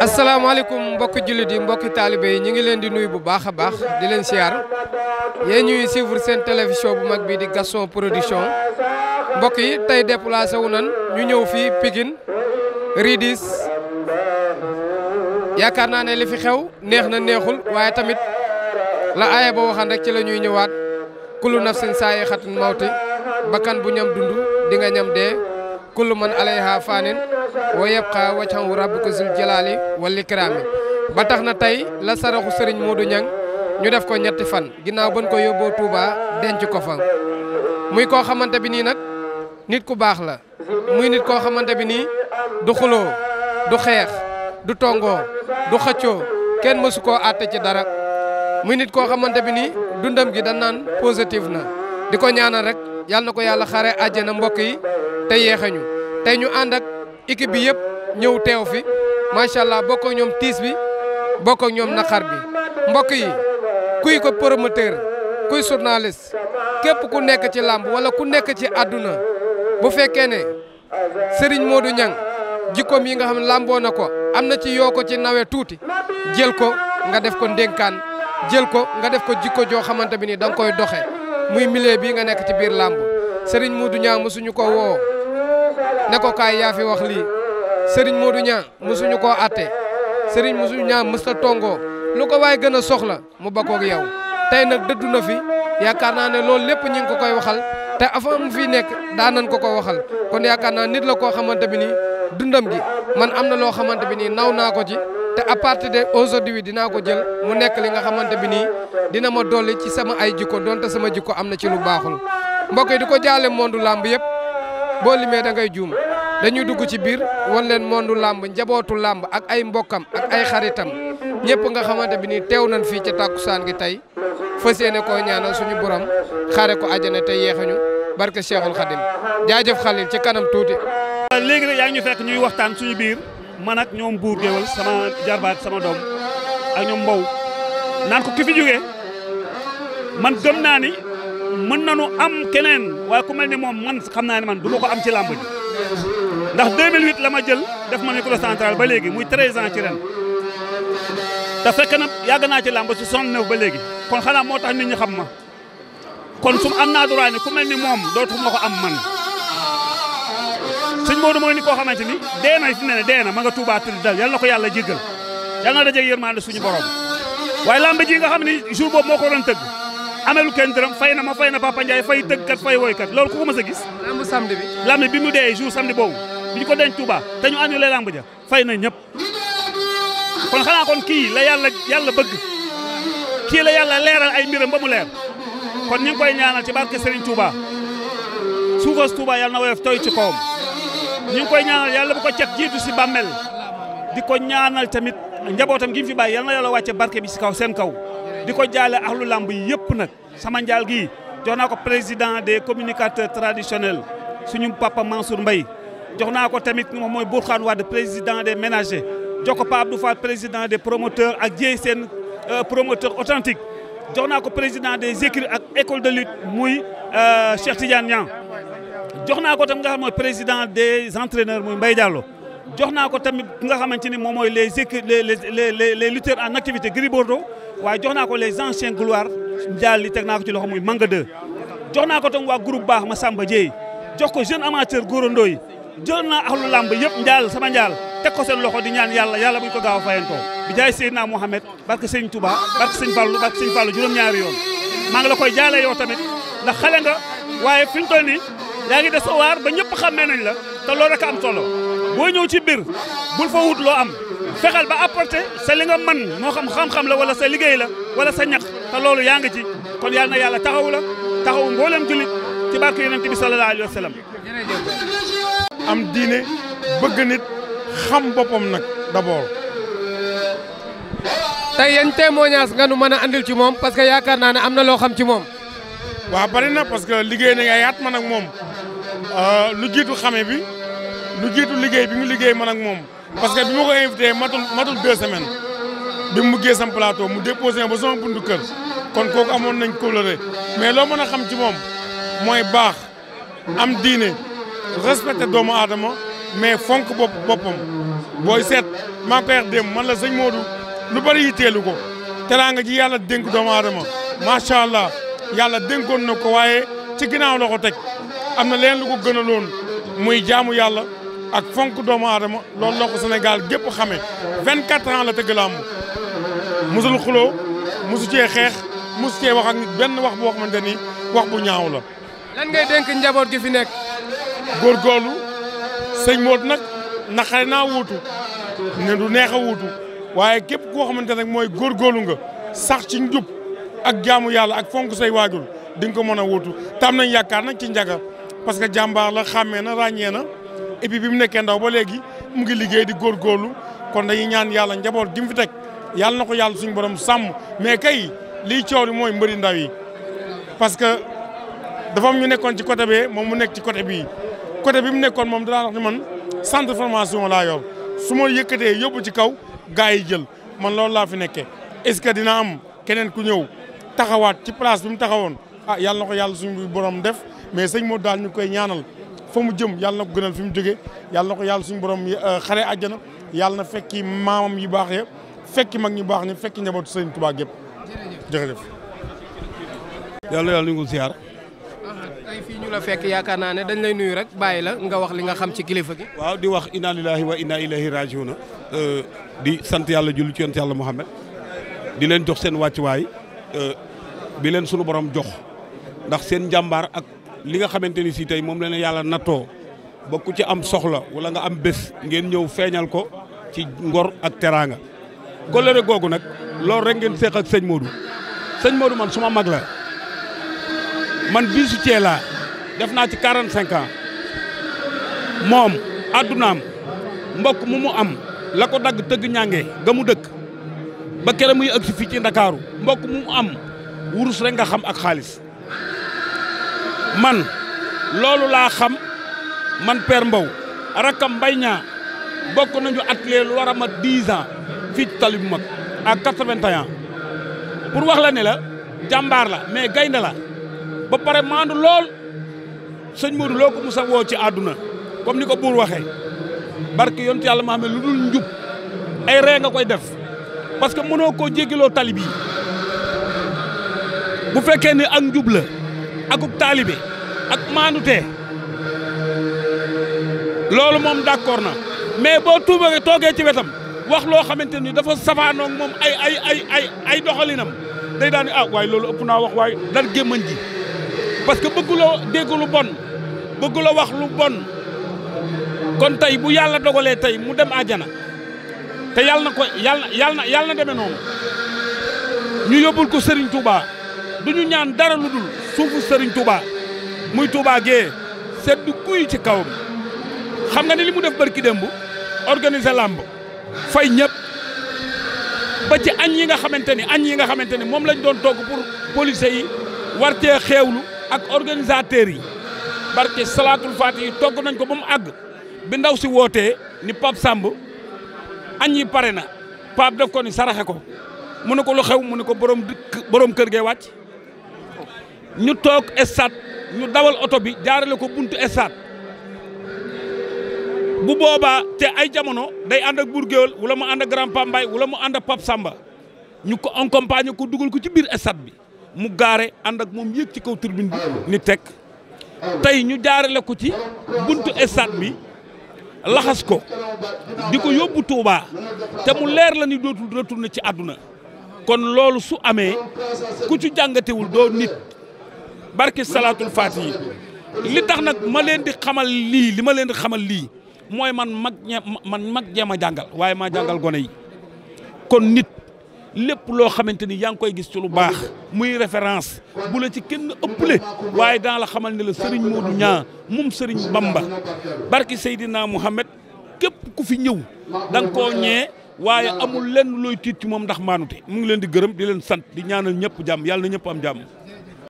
asalaamaaleykum mbokki jullit yi mbokki taalibe yi ñu ngi leen di nuyu bu baax a baax di leen siyaar yéen ñuy suivre seen télévision bu mag bi di Gaston Production mbokk yi tey déplacé wu nan ñu ñëw fii Pikine Ridis yaakaar naa ne li fi xew neex na neexul waaye tamit la aaya ba waxan rek ci la ñuy ñëwaat kullu nafsin saa yi xatun mawti bakkan bu ñam dund di nga ñam dee kullu man alayha fanin wa yabqa wajhu rabbika zul jalali wal ikrami ba tax na tey la saraxu sëriñ du Niang ñu def ko ñetti fan ginnaaw ban ko yóbboo Touba denc ko fa muy koo xamante bi nii nag nit ku baax la muy nit koo xamante bi nii du xuloo du xeex du tongoo du xëccoo kenn mësu koo àtte ci dara muy nit koo xamante bi nii dundam gi da naan positif na di ko ñaanal rek yàlla na ko yàlla xare àjjana mbokk yi te yeexañu te ñu ànd ak équipe bi yëpp ñëw teew fi macha allah bokk ñoom tiis bi bokk ak ñoom naqar bi mbokk yi kuy ko promoteur kuy journaliste képp ku nekk ci làmb wala ku nekk ci àdduna bu fekkee ne du Modou Niang jikkoom yi nga xam ne na ko am na ci yoo ci nawe tuuti jël ko nga def ko ndénkaan jël ko nga def ko jikko joo xamante bi nii da nga koy doxe muy milieu bii nga nekk ci biir làmb Serigne Modou Niang mosuñu ko woo ne ko kaay yaa fi wax lii Serigne Modou Niang mosuñu koo atte Serigne Modou Niang mësta tongoo lu ko waay gën a soxla mu bakkoog yow tey nag dëddu na fi yaakaar naa ne loolu lépp ñu ngi ko koy waxal te afa mu fi nekk daan nañ ko ko waxal kon yaakaar naa nit la koo xamante bi nii dundam gi man am na loo xamante bi nii naw naa ko ji te à partir de aujourd'hui dinaa ko jël mu nekk li nga xamante bi nii dina ma dolli ci sama ay jikko donte sama jikko am na ci lu baaxul mbokk yi di ko jaale mondu làmb yépp boo limee da ngay juum dañuy dugg ci biir wan leen mondu làmb njabootu làmb ak ay mbokkam ak ay xaritam ñëpp nga xamante bi nii teew nañ fii ci saan gi tey fa yéene koo ñaanal suñu borom xaare ko àjjana tey yeexuñu barke Cheikhul Khadim jaajëf Khalil ci kanam tuuti. léegi nag yaa ngi ñu fekk ñuy waxtaan suñu biir man ak ñoom buur géwal sama jarbaat sama doom ak ñoom mbow naan ko ki fi man gëm naa ni. mën nañu am keneen waaye ku mel ni moom man xam naa ne man du ma ko am ci làmb ji ndax 2008 la ma jël def ma micro central ba léegi muy 13 ans ci ren te fekk na yàgg naa ci làmb si 69 ba léegi kon xanaa moo tax nit ñi xam ma kon su am naa droit ne ku mel ni moom dootu ma ko am man sëñ Modou mooy ni koo xamante ni dee na fi ne dee na ma nga Touba tëdd dal yal na ko yàlla jéggal yal na dajeeg yërmande suñu borom waaye làmb amelu kenn fay na ma fay na Papa Ndiaye fay tëggkat fay woykat loolu ku ko a gis. lamb samedi bi. lamb bi mu dee sam samedi boobu bi ñu ko denc Touba te ñu annulé lamb ja fay na ñëpp kon xanaa kon kii la yàlla yàlla bëgg kii la yàlla leeral ay mbiram ba mu leer kon ñu ngi koy ñaanal ci barke Serigne Touba suufas Touba yàlla na woyof tooy ci kawam ñu ngi koy ñaanal yàlla bu ko cet jiitu si bàmmel di ko ñaanal tamit njabootam gi mu fi bàyyi yàlla na yàlla barke bi si kaw kaw. di ko jaale axlu làmb yi yëpp nag sama njaal gi jox naa ko président des communicateurs traditionnels suñu papa Mansour mbay jox naa ko tamit moom mooy Bourkhane Wade président des ménagers jox ko Pape Abdou Fall président des promoteurs ak Dieye seen euh, promoteur authentique jox naa ko président des écuries ak école de lutte muy euh, Cheikh Tidiane Niang jox naa ko tam nga xam mooy président des entraîneurs muy jox naa ko tamit nga xamante ni moom mooy les écuries les les les lutteurs en activité Gris Bordeaux waaye jox naa ko les anciens gloires njaal li teg naa ko ci loxo muy Manga 2 jox ko tam waa groupe baax ma Samba Dieye jox ko jeune amateur góorandoo yi jël naa axlu làmb yëpp njaal sama njaal teg ko seen loxo di ñaan yàlla yàlla bu ko gaaw a fayantoo bi jaay Seydina Mohamed barke sëñ juróom-ñaari yoon maa ngi la koy jaale yow tamit ndax xale nga waaye fi mu ngi des a ba ñëpp xàmmee nañ la te loolu rek am solo boo ñëw ci biir bul fa wut loo am fexeel ba apporter sa li man moo xam xam-xam la wala sa liggéey la wala sa ñax te loolu yaa ngi ci kon yal na yàlla taxawu la taxawu mboolem jullit ci barke yonent bi sallallahu alayhi wa sallam am diine bëgg nit xam boppam nag d'abord. tey yan témoignage nga nu mën a andil ci moom parce que yaakaar naa ne am na loo xam ci moom. waa bari na parce que liggéey na nga yaat man moom euh, lu jiitu xame bi lu jiitu liggéey bi mu liggéey man ak moom. parce que bi ma ko invité matul matul deux semaines bi mu géej sam plateau mu déposé ba sama buntu kër kon kooku amoon nañ kóllëre mais loo mën a xam ci moom mooy baax am diine respecté doomu aadama mais fonk bopp boppam booy seet maa koy wax man la sëñ Modou lu bari yitteelu ko teraanga ji yàlla dénk doomu adama macha allah yàlla dénkoon na ko waaye ci ginnaaw la ko teg am na leen lu ko gënaloon muy jaamu yàlla. ak fonk doomu aadama loolu la ko Sénégal gépp xamee 24 ans la tëgg làmb musul xuloo musu cee xeex musu cee wax ak benn wax boo xamante ni wax bu ñaaw la. lan ngay dénk njaboot gi fi nekk. góor góorgóorlu sëñ Modou nag naqare naa wuutu ne du neex a wuutu waaye képp koo xamante nag mooy góorgóorlu nga sax ci njub ak jaamu yàlla ak fonk say waajur di nga ko mën a wuutu tam nañ yaakaar nag ci njaga parce que jàmbaar la xàmmee na ràññee na. et bi mu nekkee ndaw ba léegi mu ngi liggéey di góorgóorlu kon dañuy ñaan yàlla njaboot gi mu fi teg yàlla na ko yàlla suñu borom sàmm mais kay liy coow li mooy mbëri ndaw yi parce que dafa am ñu nekkoon ci côté bee moom mu nekk ci côté bii côté bi mu nekkoon moom danaa wax ni man centre formation laa yor su ma yëkkatee yóbbu ci kaw gars yi jël man loolu laa fi nekkee est-ce que dina am keneen ku ñëw taxawaat ci place bi mu taxawoon a ah, yàlla na ko yàlla suñu borom def mais sëñ moo daal ñu koy ñaanal fa mu jëm yàlla na ko gënal fi mu jógee yàlla na ko yàlla suñu borom eh, xare àjjana yàlla na fekki maamam yi baax ya fekki mag ñi baax ñi fekki njabootu Sëriñ Tuubaa gépp jërëjëf yàlla yàlla ñu ngi ziar ah, ñu la fekk yaakaar naa ne dañ lay nuyu rek bàyyi la nga wax li nga xam ci kilifa gi waaw di wax inna lillahi wa inna ilayhi rajiuna euh, di sant yàlla julli ci yonent yàlla Muhammad di leen jox seen wàccuwaay euh, bi leen sunu borom jox ndax seen njàmbaar li nga xamante ni si tey moom leen ne yàlla nattoo ba ku ci am soxla wala nga am bés ngeen ñëw feeñal ko ci ngor ak teraanga. kóllëre googu nag loolu rek ngeen seeq ak sëñ Modou sëñ Modou man suma mag la man biisu cee laa def naa ci 45 ans moom addunaam mbokk mu mu am la ko dagg tëgg ñànge ga mu dëkk ba kere muy agsi fii ci Ndakaaru mbokk mu am wurus rek nga xam ak xaalis man loolu laa xam man per Mbow rakkam mbay ñaa bokk nañu atelier lu war a mat 10 ans fii ci tali bu mag pour wax la ne la jàmbaar la mais gaynde la ba pare maandu lool sëñ Modou loo ko musa woo ci àdduna comme ni ko buur waxee barke yoon yàlla maa lu dul njub ay ree nga koy def parce que mënoo koo jéggiloo tali bii bu fekkee ne ak njub la akub taalibe ak maandutee loolu moom d'accord na mais boo tuubee toogee ci wetam wax loo xamante ni dafa safaanoog moom ay ay ay ay ay day daan ah waaye loolu ëpp naa wax waaye dar gémmañ ji parce que bëgguloo dégg lu bon bëgguloo wax lu bon kon tey bu yàlla dogalee tey mu dem àjjana te yàlla na ko yàlla na yàlla na demee ñu yóbbul ko Serigne Touba du ñu ñaan dara lu suufu Serigne Touba muy Touba Gueye sedd guy ci kawam xam nga ni li mu def barki démb organiser làmb fay ñëpp ba ci añ yi nga xamante ni añ yi nga xamante ni moom lañ doon togg pour policiers yi war cee xeewlu ak organisateurs yi barke salaatul faati yi togg nañ ko ba mu àgg bi ndaw si wootee ni Pape Samb añ yi pare na Pape daf ko ni saraxe ko mu ne ko lu xew mu ne ko borom borom kër gee wàcc ñu toog stade ñu dawal oto bi jaarale ko buntu stade bu boobaa te ay jamono day ànd ak Bour Guéweul wala mu ànd ak wala mu ànd ak Samba ñu ko accompagner ku dugal ko ci biir stade bi mu gaare ànd ak moom yéeg ci kaw tribune bi ni teg tey ñu jaarale ko ci buntu stade bi laxas ko di ko yóbbu Touba te mu leer la ni dootul retourné ci àdduna kon loolu su amee ku ci jàngatewul doo nit barki salaatul faatihi li tax nag ma leen di xamal lii li ma leen di xamal lii mooy man mag ña man mag ñeema jàngal waaye maa jàngal gone yi kon nit lépp loo xamante ni yaa ngi koy gis ci lu baax muy référence bu la ci kenn ëpple waaye daa la xamal ne la Serigne Modou ñaa moom Serigne Bamba barki Seydina Mouhamed képp ku fi ñëw da koo ñee waaye amul leen looy tiit ci moom ndax maanute mu ngi leen di gërëm di leen sant di ñaanal ñëpp jàmm yàlla na ñëpp am jàmm